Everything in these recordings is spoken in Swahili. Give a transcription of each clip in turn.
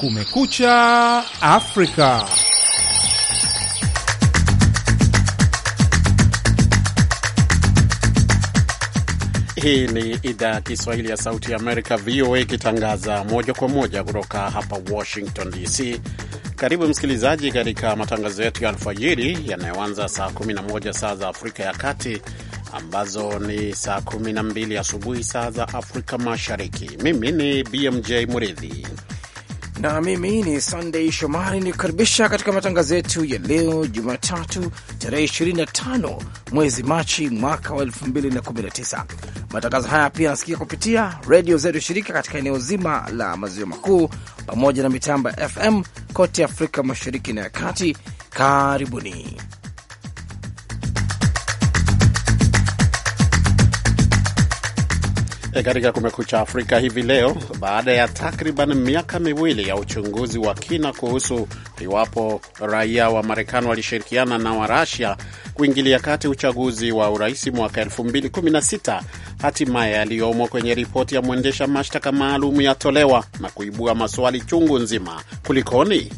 Kumekucha Afrika. Hii ni idhaa ya Kiswahili ya Sauti ya Amerika, VOA, ikitangaza moja kwa moja kutoka hapa Washington DC. Karibu msikilizaji, katika matangazo yetu ya alfajiri yanayoanza saa 11 saa za Afrika ya Kati, ambazo ni saa 12 asubuhi saa za Afrika Mashariki. Mimi ni BMJ Muridhi na mimi ni Sunday Shomari ni kukaribisha katika matangazo yetu ya leo Jumatatu tarehe 25 mwezi Machi mwaka wa 2019. Matangazo haya pia yanasikika kupitia redio zetu shirika katika eneo zima la maziwa makuu pamoja na mitamba FM kote Afrika mashariki na ya kati. Karibuni. katika Kumekucha Afrika hivi leo, baada ya takriban miaka miwili ya uchunguzi wa kina kuhusu iwapo raia wa Marekani walishirikiana na Warasia kuingilia kati uchaguzi wa urais mwaka 2016, hatimaye yaliyomo kwenye ripoti ya mwendesha mashtaka maalum yatolewa na kuibua maswali chungu nzima. Kulikoni?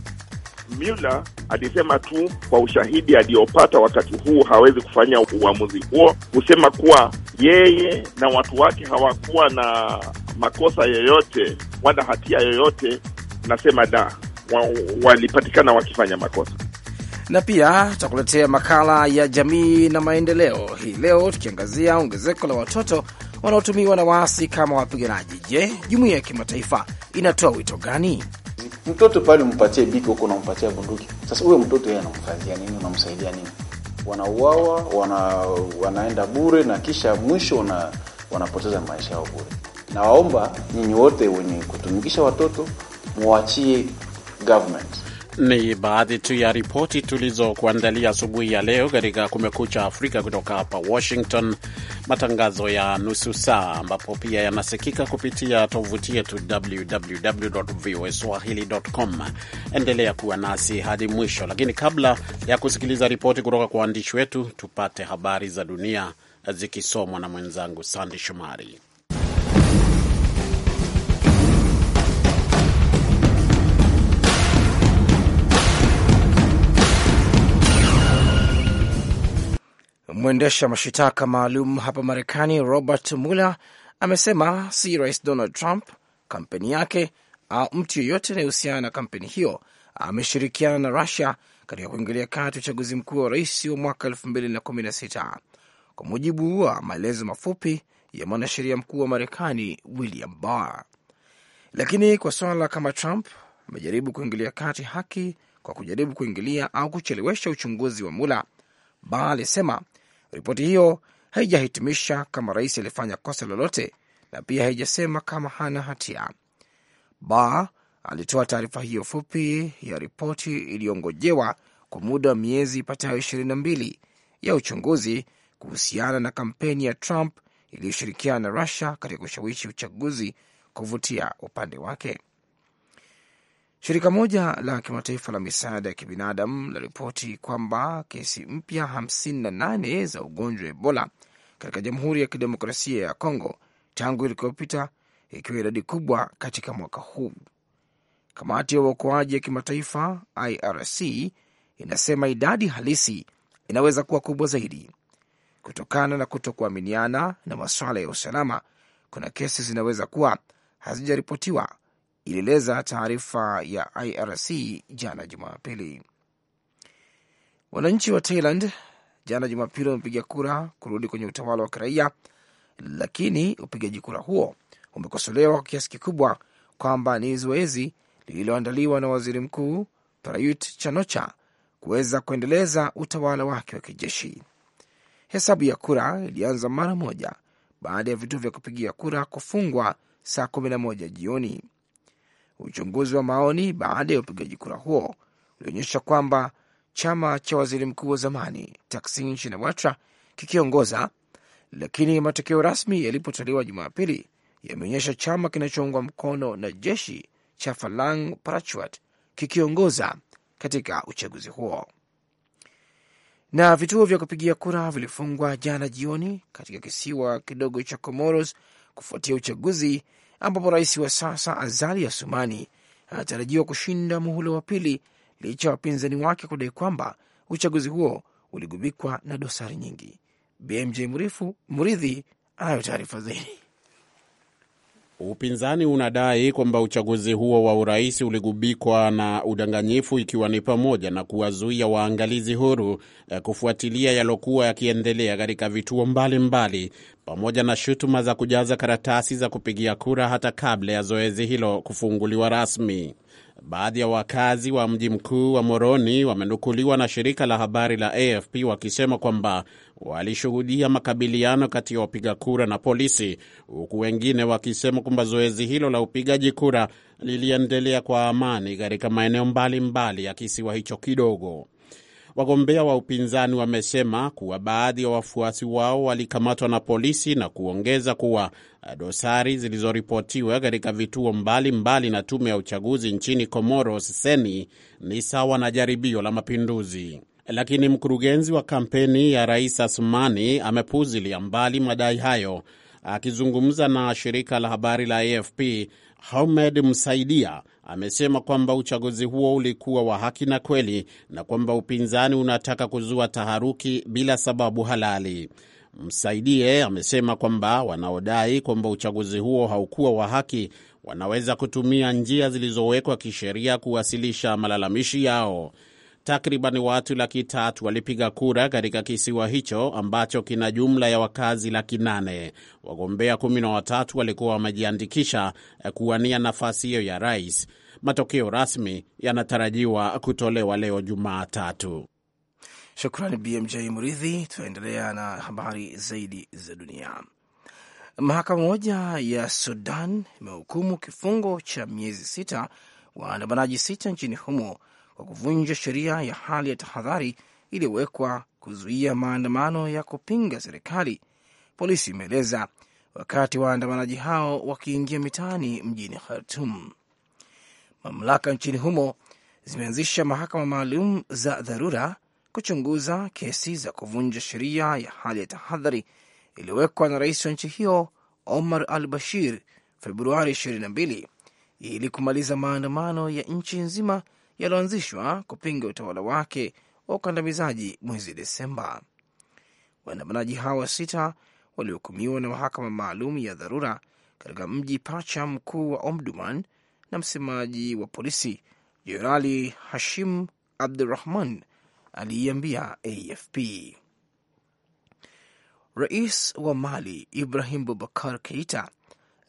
Mueller alisema tu kwa ushahidi aliyopata wakati huu hawezi kufanya uamuzi huo, kusema kuwa yeye na watu wake hawakuwa na makosa yoyote wala hatia yoyote. Nasema da wa, walipatikana wakifanya makosa. Na pia tutakuletea makala ya jamii na maendeleo hii leo, tukiangazia ongezeko la watoto wanaotumiwa na waasi kama wapiganaji. Je, jumuiya ya kimataifa inatoa wito gani? Mtoto pale umpatie biki huko, unampatia bunduki. Sasa huyo mtoto yeye anamfanyia nini? Unamsaidia nini? Wanauawa, wana, wanaenda bure na kisha mwisho wana, wanapoteza maisha yao bure. Nawaomba nyinyi wote wenye kutumikisha watoto muachie government ni baadhi tu ya ripoti tulizokuandalia asubuhi ya leo katika Kumekucha Afrika kutoka hapa Washington, matangazo ya nusu saa, ambapo pia yanasikika kupitia tovuti yetu www voa swahili.com. Endelea kuwa nasi hadi mwisho, lakini kabla ya kusikiliza ripoti kutoka kwa waandishi wetu, tupate habari za dunia zikisomwa na mwenzangu Sandi Shomari. Mwendesha mashitaka maalum hapa Marekani Robert Mueller amesema si Rais Donald Trump, kampeni yake au mtu yeyote anayehusiana na kampeni hiyo ameshirikiana na Rusia katika kuingilia kati uchaguzi mkuu wa rais wa mwaka 2016 kwa mujibu wa maelezo mafupi ya mwanasheria mkuu wa Marekani William Barr. Lakini kwa swala kama Trump amejaribu kuingilia kati haki kwa kujaribu kuingilia au kuchelewesha uchunguzi wa Mula, Barr alisema Ripoti hiyo haijahitimisha kama rais alifanya kosa lolote na pia haijasema kama hana hatia. Ba alitoa taarifa hiyo fupi ya ripoti iliyongojewa kwa muda wa miezi ipatayo ishirini na mbili ya uchunguzi kuhusiana na kampeni ya Trump iliyoshirikiana na Rusia katika kushawishi uchaguzi kuvutia upande wake. Shirika moja la kimataifa la misaada ya kibinadamu laripoti kwamba kesi mpya 58 za ugonjwa wa Ebola katika Jamhuri ya Kidemokrasia ya Kongo tangu ilikopita, ikiwa idadi kubwa katika mwaka huu. Kamati ya uokoaji ya kimataifa IRC inasema idadi halisi inaweza kuwa kubwa zaidi kutokana na kutokuaminiana na masuala ya usalama. Kuna kesi zinaweza kuwa hazijaripotiwa ilieleza taarifa ya IRC jana Jumapili. Wananchi wa Thailand jana Jumapili wamepiga kura kurudi kwenye utawala wa kiraia, lakini upigaji kura huo umekosolewa kwa kiasi kikubwa kwamba ni zoezi lililoandaliwa na waziri mkuu Prayut Chanocha kuweza kuendeleza utawala wake wa kijeshi. Hesabu ya kura ilianza mara moja baada ya vituo vya kupigia kura kufungwa saa 11 jioni. Uchunguzi wa maoni baada ya upigaji kura huo ulionyesha kwamba chama cha waziri mkuu wa zamani Taksin Shinawatra kikiongoza, lakini matokeo rasmi yalipotolewa Jumapili yameonyesha chama kinachoungwa mkono na jeshi cha Falang Prachwat kikiongoza katika uchaguzi huo. Na vituo vya kupigia kura vilifungwa jana jioni katika kisiwa kidogo cha Comoros kufuatia uchaguzi ambapo rais wa sasa Azali Asumani anatarajiwa kushinda muhula wa pili licha ya wapinzani wake kudai kwamba uchaguzi huo uligubikwa na dosari nyingi. BMJ Mridhi anayo taarifa zaidi. Upinzani unadai kwamba uchaguzi huo wa urais uligubikwa na udanganyifu, ikiwa ni pamoja na kuwazuia waangalizi huru eh, kufuatilia yalokuwa yakiendelea katika vituo mbalimbali mbali, pamoja na shutuma za kujaza karatasi za kupigia kura hata kabla ya zoezi hilo kufunguliwa rasmi. Baadhi ya wakazi wa mji mkuu wa Moroni wamenukuliwa na shirika la habari la AFP wakisema kwamba walishuhudia makabiliano kati ya wapiga kura na polisi, huku wengine wakisema kwamba zoezi hilo la upigaji kura liliendelea kwa amani katika maeneo mbalimbali ya kisiwa hicho kidogo. Wagombea wa upinzani wamesema kuwa baadhi ya wa wafuasi wao walikamatwa na polisi na kuongeza kuwa dosari zilizoripotiwa katika vituo mbalimbali mbali na tume ya uchaguzi nchini Komoro, Seni, ni sawa na jaribio la mapinduzi lakini mkurugenzi wa kampeni ya rais Asumani amepuzilia mbali madai hayo. Akizungumza na shirika la habari la AFP, Hamed Msaidia amesema kwamba uchaguzi huo ulikuwa wa haki na kweli na kwamba upinzani unataka kuzua taharuki bila sababu halali. Msaidie amesema kwamba wanaodai kwamba uchaguzi huo haukuwa wa haki wanaweza kutumia njia zilizowekwa kisheria kuwasilisha malalamishi yao. Takriban watu laki tatu walipiga kura katika kisiwa hicho ambacho kina jumla ya wakazi laki nane. Wagombea kumi na watatu walikuwa wamejiandikisha kuwania nafasi hiyo ya rais. Matokeo rasmi yanatarajiwa kutolewa leo Jumatatu. Shukrani BMJ Mridhi. Tunaendelea na habari zaidi za dunia. Mahakama moja ya Sudan imehukumu kifungo cha miezi sita waandamanaji sita nchini humo kwa kuvunja sheria ya hali ya tahadhari iliyowekwa kuzuia maandamano ya kupinga serikali, polisi imeeleza, wakati waandamanaji hao wakiingia mitaani mjini Khartum. Mamlaka nchini humo zimeanzisha mahakama maalum za dharura kuchunguza kesi za kuvunja sheria ya hali ya tahadhari iliyowekwa na rais wa nchi hiyo Omar al Bashir Februari 22 ili kumaliza maandamano ya nchi nzima yaliyoanzishwa kupinga utawala wake wa ukandamizaji mwezi Desemba. Waandamanaji hawa sita walihukumiwa na mahakama maalum ya dharura katika mji pacha mkuu wa Omduman, na msemaji wa polisi Jenerali Hashim Abdurahman aliiambia AFP. Rais wa Mali Ibrahim Bubakar Keita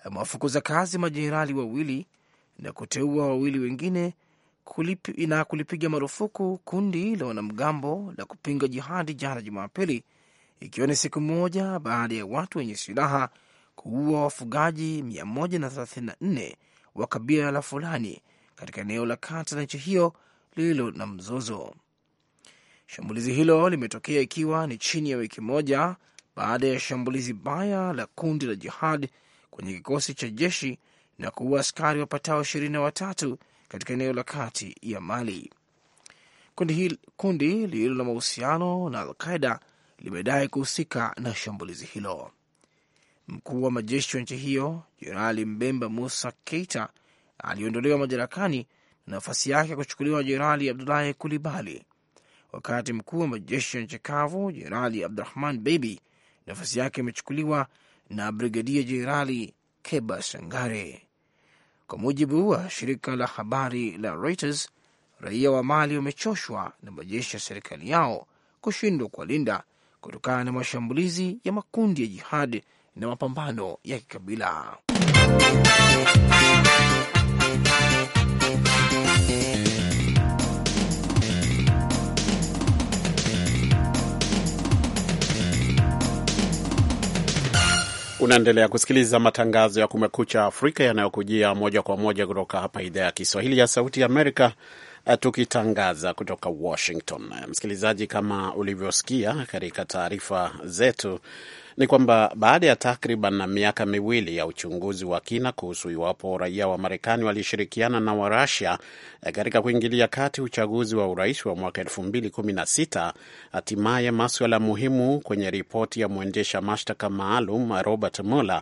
amewafukuza kazi majenerali wawili na kuteua wawili wengine kulipi, na kulipiga marufuku kundi la wanamgambo la kupinga jihadi jana Jumapili, ikiwa ni siku moja baada ya watu wenye silaha kuua wafugaji 134 wa kabila la Fulani katika eneo la kati la nchi hiyo lililo na mzozo. Shambulizi hilo limetokea ikiwa ni chini ya wiki moja baada ya shambulizi baya la kundi la jihad kwenye kikosi cha jeshi na kuua askari wapatao ishirini na watatu katika eneo la kati ya Mali. Kundi, kundi lililo na mahusiano na Alqaida limedai kuhusika na shambulizi hilo. Mkuu wa majeshi wa nchi hiyo Jenerali Mbemba Musa Keita aliondolewa madarakani na nafasi yake kuchukuliwa Jenerali Abdulahi Kulibali, wakati mkuu wa majeshi ya nchi kavu Jenerali Abdurahman Bebi nafasi yake imechukuliwa na Brigadia Jenerali Keba Sangare. Kwa mujibu wa shirika la habari la Reuters, raia wa Mali wamechoshwa na majeshi ya serikali yao kushindwa kuwalinda kutokana na mashambulizi ya makundi ya jihad na mapambano ya kikabila. Unaendelea kusikiliza matangazo ya Kumekucha Afrika yanayokujia moja kwa moja kutoka hapa idhaa ya Kiswahili ya Sauti ya Amerika, eh, tukitangaza kutoka Washington. Msikilizaji, kama ulivyosikia katika taarifa zetu ni kwamba baada ya takriban miaka miwili ya uchunguzi wa kina kuhusu iwapo raia wa Marekani walishirikiana na Warusia eh, katika kuingilia kati uchaguzi wa urais wa mwaka sita, hatimaye maswala muhimu kwenye ripoti ya mwendesha mashtaka maalum Robert Mueller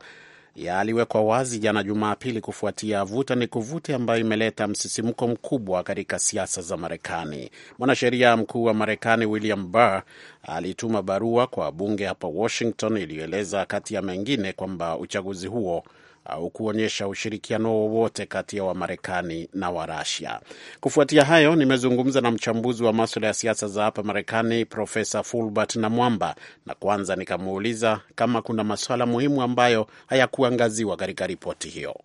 yaliwekwa wazi jana Jumapili kufuatia vuta ni kuvute ambayo imeleta msisimko mkubwa katika siasa za Marekani. Mwanasheria mkuu wa Marekani William Barr alituma barua kwa bunge hapa Washington iliyoeleza kati ya mengine kwamba uchaguzi huo au kuonyesha ushirikiano wowote kati ya Wamarekani na Warasia. Kufuatia hayo, nimezungumza na mchambuzi wa maswala ya siasa za hapa Marekani, Profesa Fulbert na Mwamba, na kwanza nikamuuliza kama kuna masuala muhimu ambayo hayakuangaziwa katika ripoti hiyo.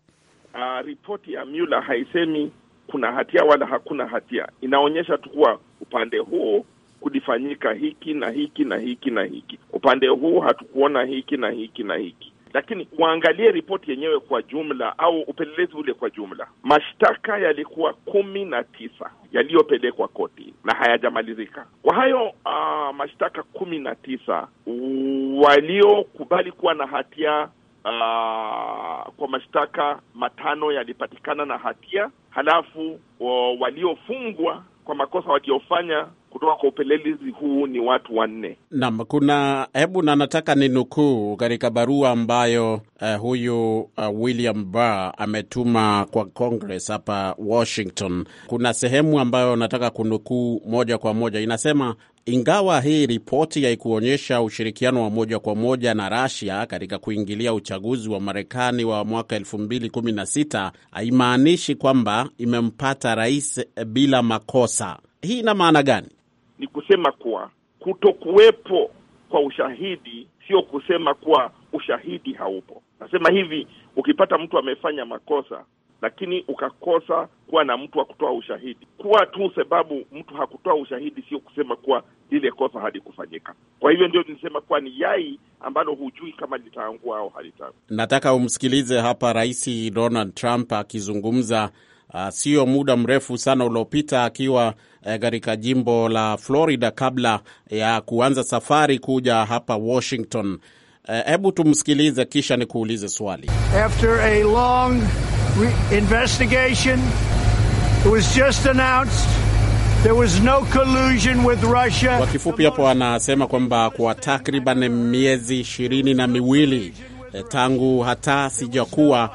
Uh, ripoti ya Mueller haisemi kuna hatia wala hakuna hatia, inaonyesha tu kuwa upande huu kulifanyika hiki na hiki na hiki na hiki, upande huu hatukuona hiki na hiki na hiki lakini waangalie ripoti yenyewe kwa jumla au upelelezi ule kwa jumla. Mashtaka yalikuwa kumi na tisa yaliyopelekwa koti na hayajamalizika. Kwa hayo uh, mashtaka kumi na tisa waliokubali kuwa na hatia Uh, kwa mashtaka matano yalipatikana na hatia, halafu waliofungwa kwa makosa waliofanya kutoka kwa upelelezi huu ni watu wanne. Naam, kuna hebu na nataka ni nukuu katika barua ambayo uh, huyu uh, William Barr ametuma kwa Congress hapa Washington. Kuna sehemu ambayo nataka kunukuu moja kwa moja, inasema ingawa hii ripoti haikuonyesha ushirikiano wa moja kwa moja na Rasia katika kuingilia uchaguzi wa Marekani wa mwaka 2016 haimaanishi kwamba imempata rais bila makosa. Hii ina maana gani? ni kusema kuwa kutokuwepo kwa ushahidi sio kusema kuwa ushahidi haupo. Nasema hivi, ukipata mtu amefanya makosa lakini ukakosa kuwa na mtu wa kutoa ushahidi, kuwa tu sababu mtu hakutoa ushahidi sio kusema kuwa lile kosa halikufanyika. Kwa hivyo ndio nisema kuwa ni yai ambalo hujui kama litaangua au halitaangua. Nataka umsikilize hapa Rais Donald Trump akizungumza uh, sio muda mrefu sana uliopita akiwa eh, katika uh, jimbo la Florida kabla ya kuanza safari kuja hapa Washington. Eh, hebu uh, tumsikilize, kisha nikuulize swali. After a long investigation it was just announced there was no collusion with Russia. Kwa kifupi hapo anasema kwamba kwa takriban miezi ishirini na miwili eh, tangu hata sijakuwa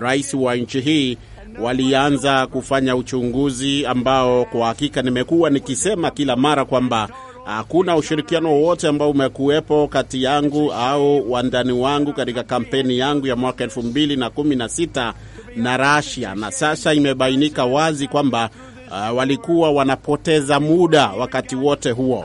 rais wa nchi hii walianza kufanya uchunguzi ambao kwa hakika nimekuwa nikisema kila mara kwamba hakuna ushirikiano wowote ambao umekuwepo kati yangu au wandani wangu katika kampeni yangu ya mwaka elfu na na Rasia, na sasa imebainika wazi kwamba uh, walikuwa wanapoteza muda wakati wote huo.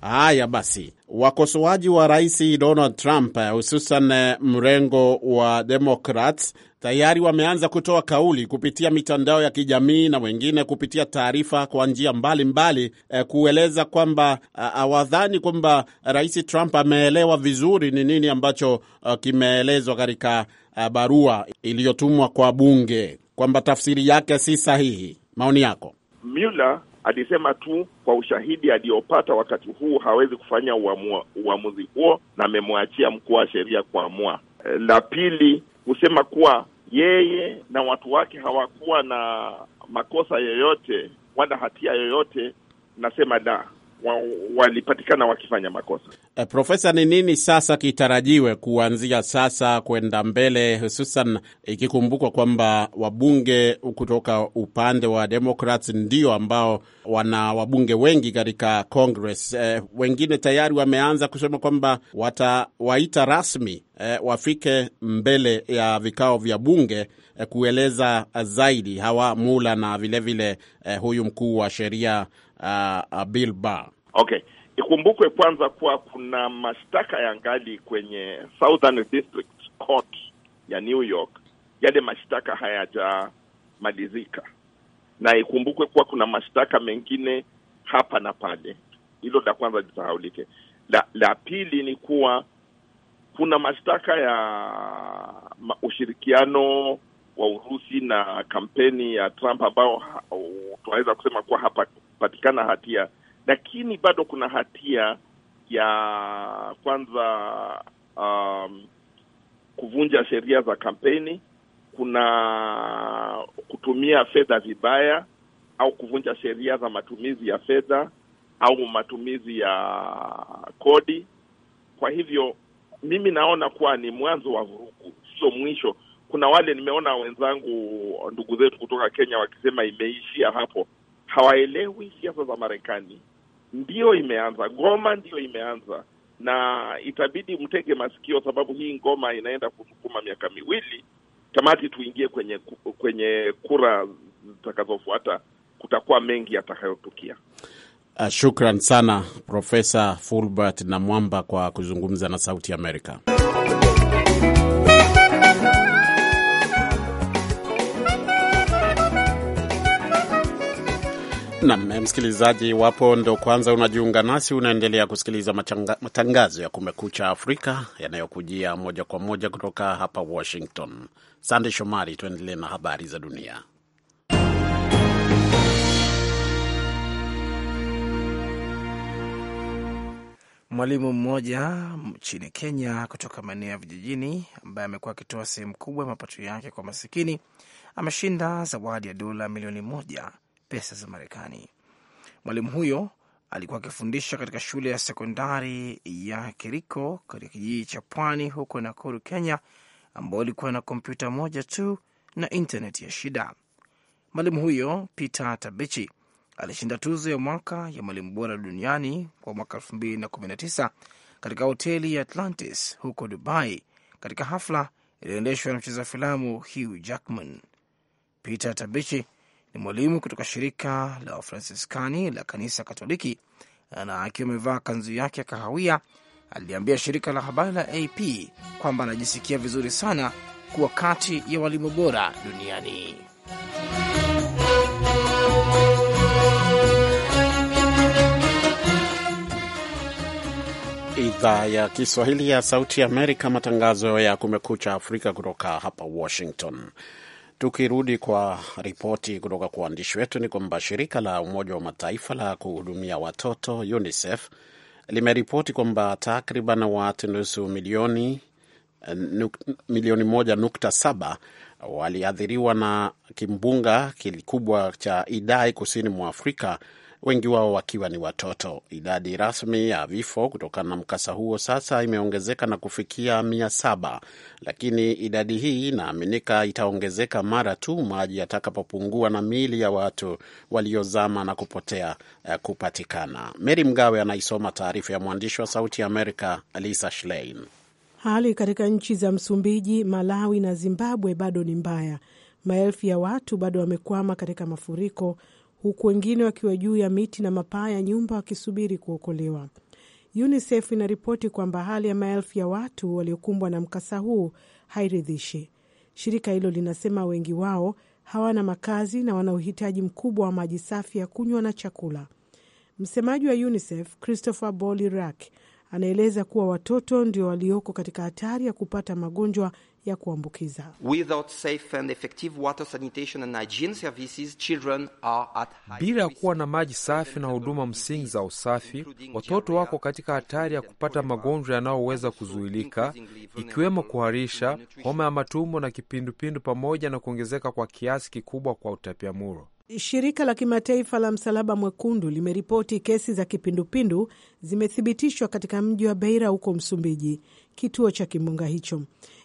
Haya basi, wakosoaji wa rais Donald Trump hususan eh, mrengo wa Democrats tayari wameanza kutoa kauli kupitia mitandao ya kijamii na wengine kupitia taarifa kwa njia mbalimbali eh, kueleza kwamba eh, hawadhani kwamba Rais Trump ameelewa vizuri ni nini ambacho uh, kimeelezwa katika uh, barua iliyotumwa kwa bunge kwamba tafsiri yake si sahihi. Maoni yako? Mueller alisema tu kwa ushahidi aliyopata wakati huu hawezi kufanya uamua, uamuzi huo na amemwachia mkuu wa sheria kuamua. La pili kusema kuwa yeye na watu wake hawakuwa na makosa yoyote wala hatia yoyote, nasema da walipatikana wa wakifanya makosa. E, Profesa, ni nini sasa kitarajiwe kuanzia sasa kwenda mbele, hususan ikikumbukwa kwamba wabunge kutoka upande wa Democrats ndio ambao wana wabunge wengi katika Congress. E, wengine tayari wameanza kusema kwamba watawaita rasmi e, wafike mbele ya vikao vya bunge e, kueleza zaidi hawa Mula na vilevile vile, eh, huyu mkuu wa sheria uh, Bill Barr. Okay, ikumbukwe kwanza kuwa kuna mashtaka ya ngali kwenye Southern District Court ya New York, yale mashtaka hayajamalizika, na ikumbukwe kuwa kuna mashtaka mengine hapa na pale. Hilo la kwanza lisahaulike. La, la pili ni kuwa kuna mashtaka ya ushirikiano wa Urusi na kampeni ya Trump ambao tunaweza kusema kuwa hapa kupatikana hatia, lakini bado kuna hatia ya kwanza, um, kuvunja sheria za kampeni, kuna kutumia fedha vibaya au kuvunja sheria za matumizi ya fedha au matumizi ya kodi. Kwa hivyo mimi naona kuwa ni mwanzo wa vurugu, sio mwisho. Kuna wale nimeona wenzangu, ndugu zetu kutoka Kenya wakisema imeishia hapo hawaelewi siasa za Marekani. Ndiyo imeanza ngoma, ndiyo imeanza na itabidi mtege masikio, sababu hii ngoma inaenda kusukuma miaka miwili. Tamati tuingie kwenye kwenye kura zitakazofuata, kutakuwa mengi yatakayotukia. Uh, shukran sana Profesa Fulbert na Mwamba kwa kuzungumza na Sauti Amerika. Nam msikilizaji, iwapo ndo kwanza unajiunga nasi, unaendelea kusikiliza matangazo ya Kumekucha Afrika yanayokujia moja kwa moja kutoka hapa Washington. Sande Shomari, tuendelee na habari za dunia. Mwalimu mmoja nchini Kenya kutoka maeneo ya vijijini ambaye amekuwa akitoa sehemu kubwa ya mapato yake kwa masikini ameshinda zawadi ya dola milioni moja pesa za Marekani. Mwalimu huyo alikuwa akifundisha katika shule ya sekondari ya Kiriko katika kijiji cha pwani huko Nakuru, Kenya, ambao alikuwa na kompyuta moja tu na intaneti ya shida. Mwalimu huyo Peter Tabichi alishinda tuzo ya mwaka ya mwalimu bora duniani kwa mwaka 2019 katika hoteli ya Atlantis huko Dubai, katika hafla iliyoendeshwa na mcheza filamu Hugh Jackman. Peter Tabichi ni mwalimu kutoka shirika la Wafransiskani la kanisa Katoliki, na akiwa amevaa kanzu yake ya kahawia aliambia shirika la habari la AP kwamba anajisikia vizuri sana kuwa kati ya walimu bora duniani. Idhaa ya Kiswahili ya Sauti ya Amerika, matangazo ya Kumekucha Afrika kutoka hapa Washington. Tukirudi kwa ripoti kutoka kwa waandishi wetu ni kwamba shirika la Umoja wa Mataifa la kuhudumia watoto UNICEF limeripoti kwamba takriban watu nusu milioni nuk, milioni moja nukta saba waliathiriwa na kimbunga kikubwa cha Idai kusini mwa Afrika wengi wao wakiwa ni watoto. Idadi rasmi ya vifo kutokana na mkasa huo sasa imeongezeka na kufikia mia saba, lakini idadi hii inaaminika itaongezeka mara tu maji yatakapopungua na miili ya watu waliozama na kupotea eh, kupatikana. Meri Mgawe anaisoma taarifa ya mwandishi wa Sauti ya Amerika Lisa Schlein. Hali katika nchi za Msumbiji, Malawi na Zimbabwe bado ni mbaya. Maelfu ya watu bado wamekwama katika mafuriko huku wengine wakiwa juu ya miti na mapaa ya nyumba wakisubiri kuokolewa. UNICEF inaripoti kwamba hali ya maelfu ya watu waliokumbwa na mkasa huu hairidhishi. Shirika hilo linasema wengi wao hawana makazi na wana uhitaji mkubwa wa maji safi ya kunywa na chakula. Msemaji wa UNICEF Christopher Bolirak anaeleza kuwa watoto ndio walioko katika hatari ya kupata magonjwa ya kuambukiza. Bila ya kuwa na maji safi na huduma msingi za usafi, watoto wako katika hatari ya kupata magonjwa yanayoweza kuzuilika, ikiwemo kuharisha, homa ya matumbo na kipindupindu, pamoja na kuongezeka kwa kiasi kikubwa kwa utapiamlo. Shirika la kimataifa la Msalaba Mwekundu limeripoti kesi za kipindupindu zimethibitishwa katika mji wa Beira huko Msumbiji. Kituo cha kimbunga hicho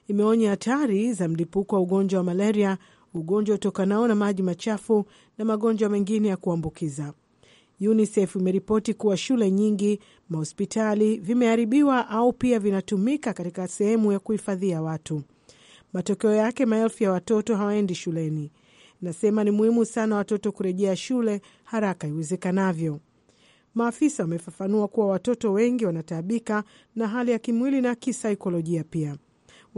imeonya hatari za mlipuko wa ugonjwa wa malaria, ugonjwa utokanao na maji machafu na magonjwa mengine ya kuambukiza. UNICEF imeripoti kuwa shule nyingi, mahospitali vimeharibiwa au pia vinatumika katika sehemu ya kuhifadhia watu. Matokeo yake, maelfu ya watoto hawaendi shuleni. Nasema ni muhimu sana watoto kurejea shule haraka iwezekanavyo. Maafisa wamefafanua kuwa watoto wengi wanataabika na hali ya kimwili na kisaikolojia pia.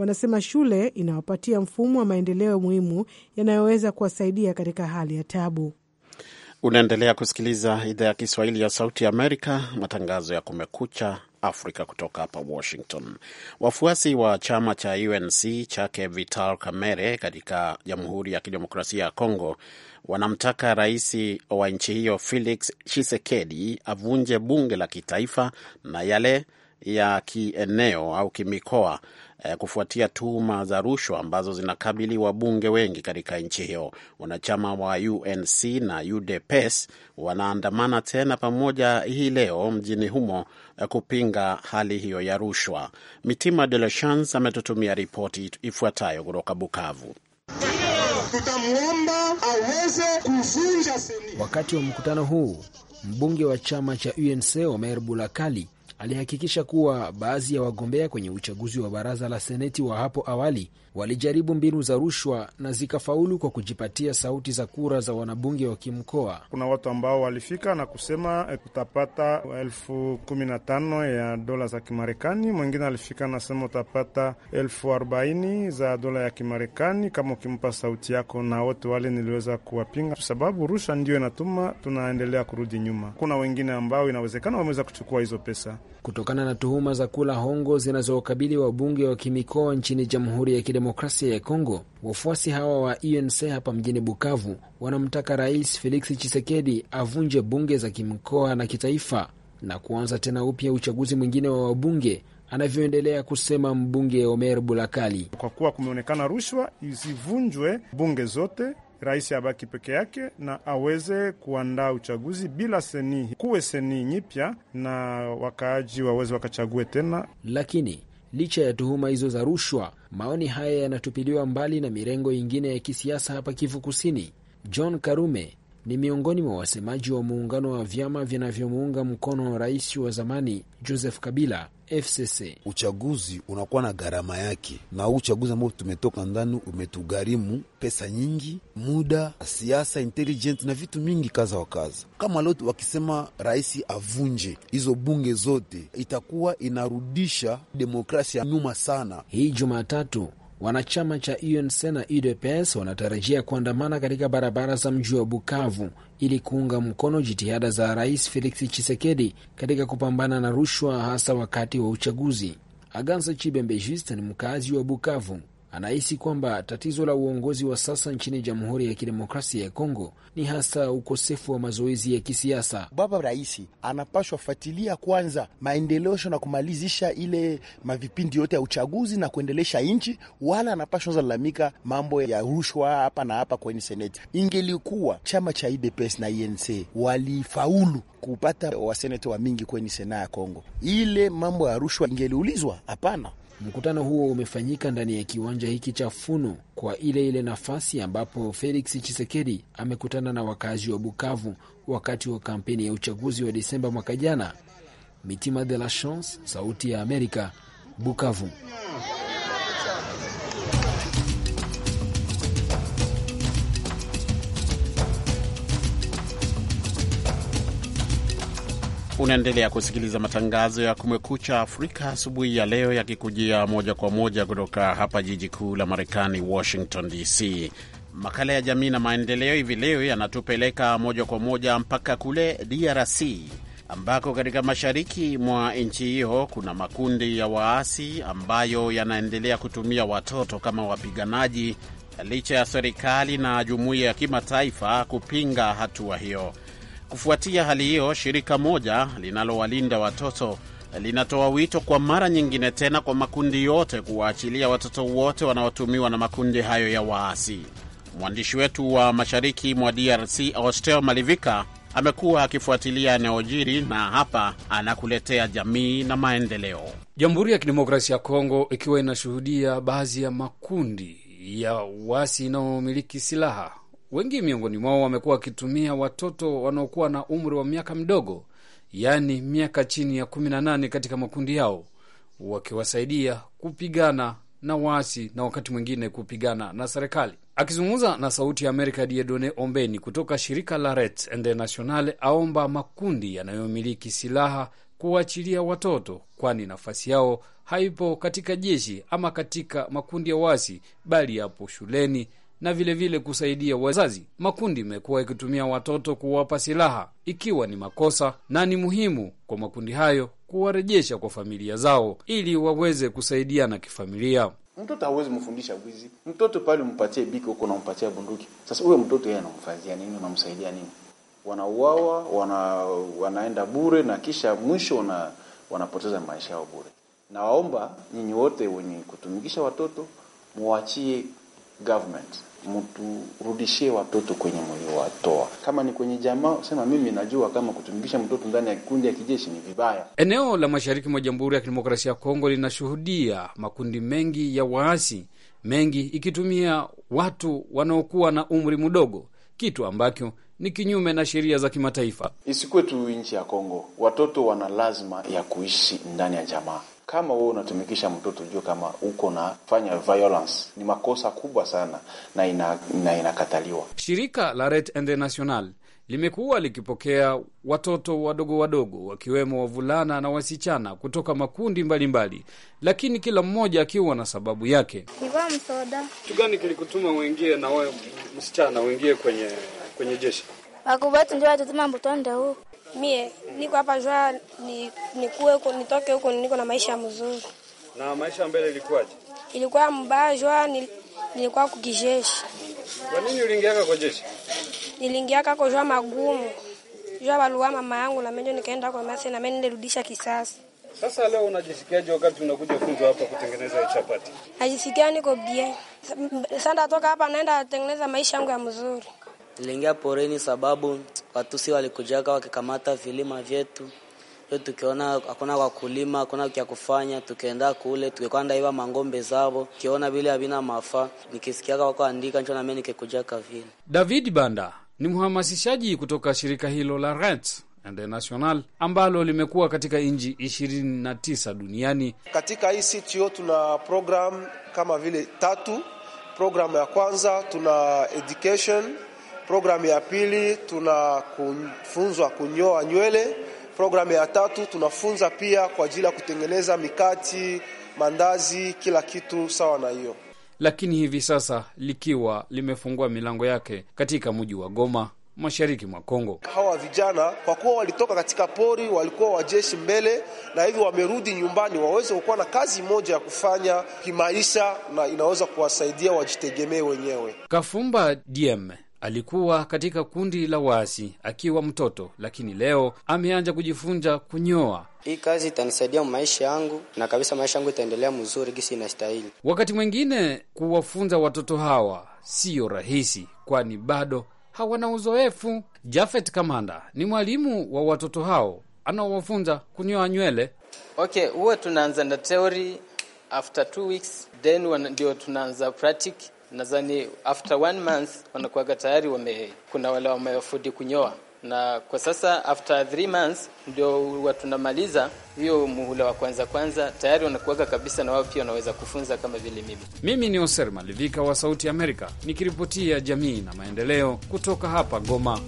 Wanasema shule inawapatia mfumo wa maendeleo muhimu yanayoweza kuwasaidia katika hali ya tabu. Unaendelea kusikiliza idhaa ya Kiswahili ya Sauti Amerika, matangazo ya Kumekucha Afrika kutoka hapa Washington. Wafuasi wa chama cha UNC chake Vital Kamerhe katika Jamhuri ya Kidemokrasia ya Kongo wanamtaka rais wa nchi hiyo Felix Tshisekedi avunje bunge la kitaifa na yale ya kieneo au kimikoa eh, kufuatia tuhuma za rushwa ambazo zinakabili wabunge wengi katika nchi hiyo. Wanachama wa UNC na UDPS wanaandamana tena pamoja hii leo mjini humo eh, kupinga hali hiyo ya rushwa. Mitima De La Chance ametutumia ripoti ifuatayo kutoka Bukavu. Tutamwomba aweze kuvunja. Wakati wa mkutano huu mbunge wa chama cha UNC Omer Bulakali alihakikisha kuwa baadhi ya wagombea kwenye uchaguzi wa baraza la seneti wa hapo awali walijaribu mbinu za rushwa na zikafaulu kwa kujipatia sauti za kura za wanabunge wa kimkoa. Kuna watu ambao walifika na kusema eh, utapata elfu kumi na tano ya dola za Kimarekani. Mwingine alifika nasema utapata elfu arobaini za dola ya Kimarekani kama ukimpa sauti yako, na wote wale niliweza kuwapinga, kwa sababu rushwa ndiyo inatuma tunaendelea kurudi nyuma. Kuna wengine ambao inawezekana wameweza kuchukua hizo pesa kutokana na tuhuma za kula hongo zinazowakabili wabunge wa kimikoa nchini Jamhuri ya Kidemokrasia ya Kongo. Wafuasi hawa wa UNC hapa mjini Bukavu wanamtaka Rais Felix Tshisekedi avunje bunge za kimkoa na kitaifa na kuanza tena upya uchaguzi mwingine wa wabunge, anavyoendelea kusema mbunge Omer Bulakali. Kwa kuwa kumeonekana rushwa, zivunjwe bunge zote rais abaki peke yake na aweze kuandaa uchaguzi bila seni, kuwe seni nyipya na wakaaji waweze wakachague tena. Lakini licha ya tuhuma hizo za rushwa, maoni haya yanatupiliwa mbali na mirengo ingine ya kisiasa hapa Kivu Kusini. John Karume ni miongoni mwa wasemaji wa muungano wa vyama vinavyomuunga mkono rais wa zamani Joseph Kabila FCC. Uchaguzi unakuwa na gharama yake, na huu uchaguzi ambao tumetoka ndani umetugharimu pesa nyingi, muda, siasa intelligent na vitu mingi kaza wa kaza. Kama leo wakisema rais avunje hizo bunge zote, itakuwa inarudisha demokrasia nyuma sana. Hii Jumatatu Wanachama cha UNC na UDPS wanatarajia kuandamana katika barabara za mji wa Bukavu ili kuunga mkono jitihada za Rais Felix Tshisekedi katika kupambana na rushwa, hasa wakati wa uchaguzi. Aganza Chibembe Juste ni mkazi wa Bukavu anahisi kwamba tatizo la uongozi wa sasa nchini Jamhuri ya Kidemokrasia ya Kongo ni hasa ukosefu wa mazoezi ya kisiasa. Baba Rais anapashwa fuatilia kwanza maendeleosho na kumalizisha ile mavipindi yote ya uchaguzi na kuendelesha nchi, wala anapashwa zalalamika mambo ya rushwa hapa na hapa kwenye seneti. Ingelikuwa chama cha IDPS na INC walifaulu kupata waseneta wa mingi kwenye sena ya Kongo, ile mambo ya rushwa ingeliulizwa? Hapana. Mkutano huo umefanyika ndani ya kiwanja hiki cha Funo kwa ile ile nafasi ambapo Felix Tshisekedi amekutana na wakazi wa Bukavu wakati wa kampeni ya uchaguzi wa disemba mwaka jana. Mitima de la Chance, Sauti ya Amerika, Bukavu. Unaendelea kusikiliza matangazo ya Kumekucha Afrika asubuhi ya leo, yakikujia moja kwa moja kutoka hapa jiji kuu la Marekani, Washington DC. Makala ya jamii na maendeleo hivi leo yanatupeleka moja kwa moja mpaka kule DRC ambako katika mashariki mwa nchi hiyo kuna makundi ya waasi ambayo yanaendelea kutumia watoto kama wapiganaji licha ya serikali na jumuiya ya kimataifa kupinga hatua hiyo. Kufuatia hali hiyo, shirika moja linalowalinda watoto linatoa wito kwa mara nyingine tena kwa makundi yote kuwaachilia watoto wote wanaotumiwa na makundi hayo ya waasi. Mwandishi wetu wa mashariki mwa DRC Austel Malivika amekuwa akifuatilia yanayojiri na hapa anakuletea jamii na maendeleo. Jamhuri ya Kidemokrasia ya Kongo ikiwa inashuhudia baadhi ya makundi ya waasi inayomiliki silaha Wengi miongoni mwao wamekuwa wakitumia watoto wanaokuwa na umri wa miaka midogo, yaani miaka chini ya kumi na nane, katika makundi yao, wakiwasaidia kupigana na waasi na wakati mwingine kupigana na serikali. Akizungumza na Sauti ya Amerika, Diedone Ombeni kutoka shirika la Rets International aomba makundi yanayomiliki silaha kuwaachilia watoto, kwani nafasi yao haipo katika jeshi ama katika makundi ya waasi, bali yapo shuleni na vilevile vile kusaidia wazazi. Makundi imekuwa ikitumia watoto kuwapa silaha, ikiwa ni makosa, na ni muhimu kwa makundi hayo kuwarejesha kwa familia zao ili waweze kusaidiana kifamilia. Mtoto hawezi mfundisha wizi. Mtoto pale umpatie biki huko nampatia bunduki, sasa huyo mtoto yeye anamfanyia nini? Unamsaidia nini? Wanauawa, wana, wanaenda bure na kisha mwisho wana, wanapoteza maisha yao bure. Nawaomba nyinyi wote wenye kutumikisha watoto muwachie government mturudishie watoto kwenye mliowatoa. Kama ni kwenye jamaa, sema mimi najua kama kutumikisha mtoto ndani ya kikundi ya kijeshi ni vibaya. Eneo la mashariki mwa Jamhuri ya Kidemokrasia ya Kongo linashuhudia makundi mengi ya waasi, mengi ikitumia watu wanaokuwa na umri mdogo, kitu ambacho ni kinyume na sheria za kimataifa. Isikuwe tu nchi ya Kongo, watoto wana lazima ya kuishi ndani ya jamaa kama wewe unatumikisha mtoto, jua kama uko na fanya violence, ni makosa kubwa sana na inakataliwa. Ina, ina shirika la Red International limekuwa likipokea watoto wadogo wadogo wakiwemo wavulana na wasichana kutoka makundi mbalimbali mbali, lakini kila mmoja akiwa na sababu yake. Kitu gani kilikutuma uingie na wewe msichana uingie kwenye kwenye jeshi? Wakubwa tunjua tutuma mbutonde Mie niko hapa jua ni nikuwe huko nitoke huko niko na maisha mzuri. Na maisha mbele ilikuwaje? Ilikuwa mbaya jua nil, nilikuwa kukijeshi. Kwa nini uliingia kwa jeshi? Niliingia kwa jua magumu. Jua baluwa mama yangu na mimi nikaenda kwa masi na mimi nilirudisha kisasi. Sasa leo unajisikiaje wakati unakuja funzo hapa kutengeneza chapati? Najisikia niko bien. Sasa natoka hapa naenda kutengeneza maisha yangu ya mzuri. Tuliingia porini sababu Watusi walikujaka wakikamata vilima vyetu yo, tukiona hakuna wakulima, hakuna kya kufanya, tukienda kule tukikwanda iva mangombe zavo, kiona vile havina mafaa, nikisikiaka wako andika ncho nami nikikujaka vile. David Banda ni mhamasishaji kutoka shirika hilo la Rent International ambalo limekuwa katika nchi 29 duniani. Katika hii CTO tuna program kama vile tatu. Programu ya kwanza tuna education Programu ya pili tunafunzwa kunyoa nywele. Programu ya tatu tunafunza pia kwa ajili ya kutengeneza mikati, mandazi, kila kitu sawa na hiyo. Lakini hivi sasa likiwa limefungua milango yake katika mji wa Goma mashariki mwa Kongo. Hawa vijana kwa kuwa walitoka katika pori, walikuwa wajeshi mbele, na hivi wamerudi nyumbani, waweze kukuwa na kazi moja ya kufanya kimaisha, na inaweza kuwasaidia wajitegemee wenyewe. Kafumba DM Alikuwa katika kundi la waasi akiwa mtoto, lakini leo ameanza kujifunza kunyoa. Hii kazi itanisaidia maisha yangu na kabisa, maisha yangu itaendelea mzuri gisi inastahili. Wakati mwingine kuwafunza watoto hawa siyo rahisi, kwani bado hawana uzoefu. Jafet Kamanda ni mwalimu wa watoto hao anaowafunza kunyoa nywele. Okay, huwa tunaanza na theory after two weeks then ndio tunaanza practice nadhani after one month wanakuwaga tayari wame, kuna wale wameafudi kunyoa na kwa sasa after three months ndio watunamaliza hiyo muhula wa kwanza kwanza, tayari wanakuwaga kabisa, na wao pia wanaweza kufunza kama vile mimi. Mimi ni Oser Malivika wa Sauti Amerika nikiripotia jamii na maendeleo kutoka hapa Goma.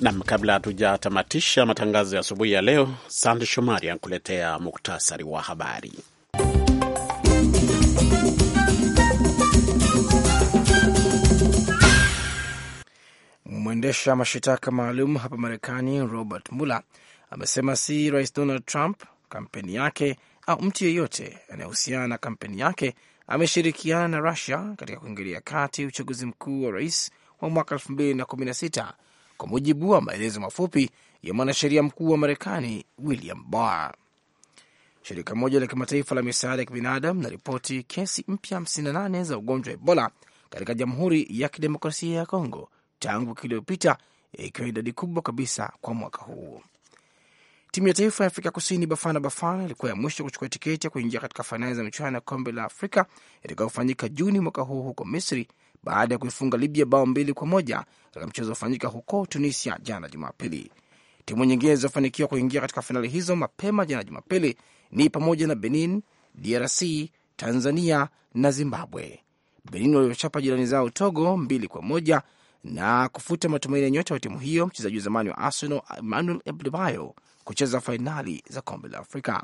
Nam, kabla hatujatamatisha matangazo ya asubuhi ya leo, Sande Shomari anakuletea muktasari wa habari. Mwendesha mashitaka maalum hapa Marekani Robert Mueller amesema si Rais Donald Trump, kampeni yake au mtu yeyote anayehusiana na kampeni yake ameshirikiana na Rusia katika kuingilia kati uchaguzi mkuu wa rais wa mwaka 2016 kwa mujibu wa maelezo mafupi ya mwanasheria mkuu wa Marekani William Barr. Shirika moja la kimataifa la misaada ya kibinadamu linaripoti kesi mpya 58 za ugonjwa wa Ebola katika Jamhuri ya Kidemokrasia ya Kongo tangu wiki iliyopita, ikiwa idadi kubwa kabisa kwa mwaka huu. Timu ya taifa ya Afrika Kusini Bafana Bafana ilikuwa ya mwisho kuchukua tiketi ya kuingia katika fainali za michuano ya kombe la Afrika itakayofanyika Juni mwaka huu huko Misri baada ya kuifunga Libya bao mbili kwa moja katika mchezo ufanyika huko Tunisia jana Jumapili. Timu nyingine zilizofanikiwa kuingia katika fainali hizo mapema jana Jumapili ni pamoja na Benin, DRC, Tanzania na Zimbabwe. Benin waliochapa jirani zao Togo mbili kwa moja na kufuta matumaini ya nyota wa timu hiyo mchezaji wa zamani wa Arsenal Emmanuel Adebayo kucheza fainali za kombe la Afrika.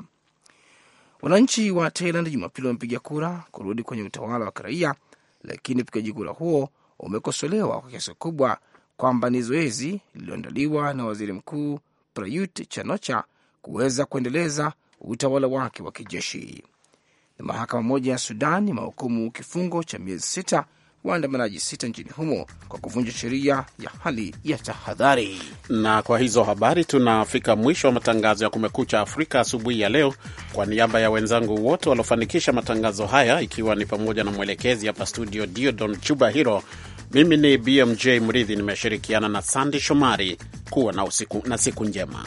Wananchi wa Thailand Jumapili wamepiga kura kurudi kwenye utawala wa kiraia, lakini upigaji kura huo umekosolewa kwa kiasi kubwa kwamba ni zoezi lililoandaliwa na waziri mkuu Prayut Chanocha kuweza kuendeleza utawala wake wa kijeshi. Na mahakama moja ya Sudan imehukumu kifungo cha miezi sita waandamanaji sita nchini humo kwa kuvunja sheria ya hali ya tahadhari. Na kwa hizo habari tunafika mwisho wa matangazo ya Kumekucha Afrika asubuhi ya leo. Kwa niaba ya wenzangu wote waliofanikisha matangazo haya, ikiwa ni pamoja na mwelekezi hapa studio Diodon Chuba Hiro, mimi ni BMJ Mridhi, nimeshirikiana na Sandi Shomari. Kuwa na, usiku, na siku njema.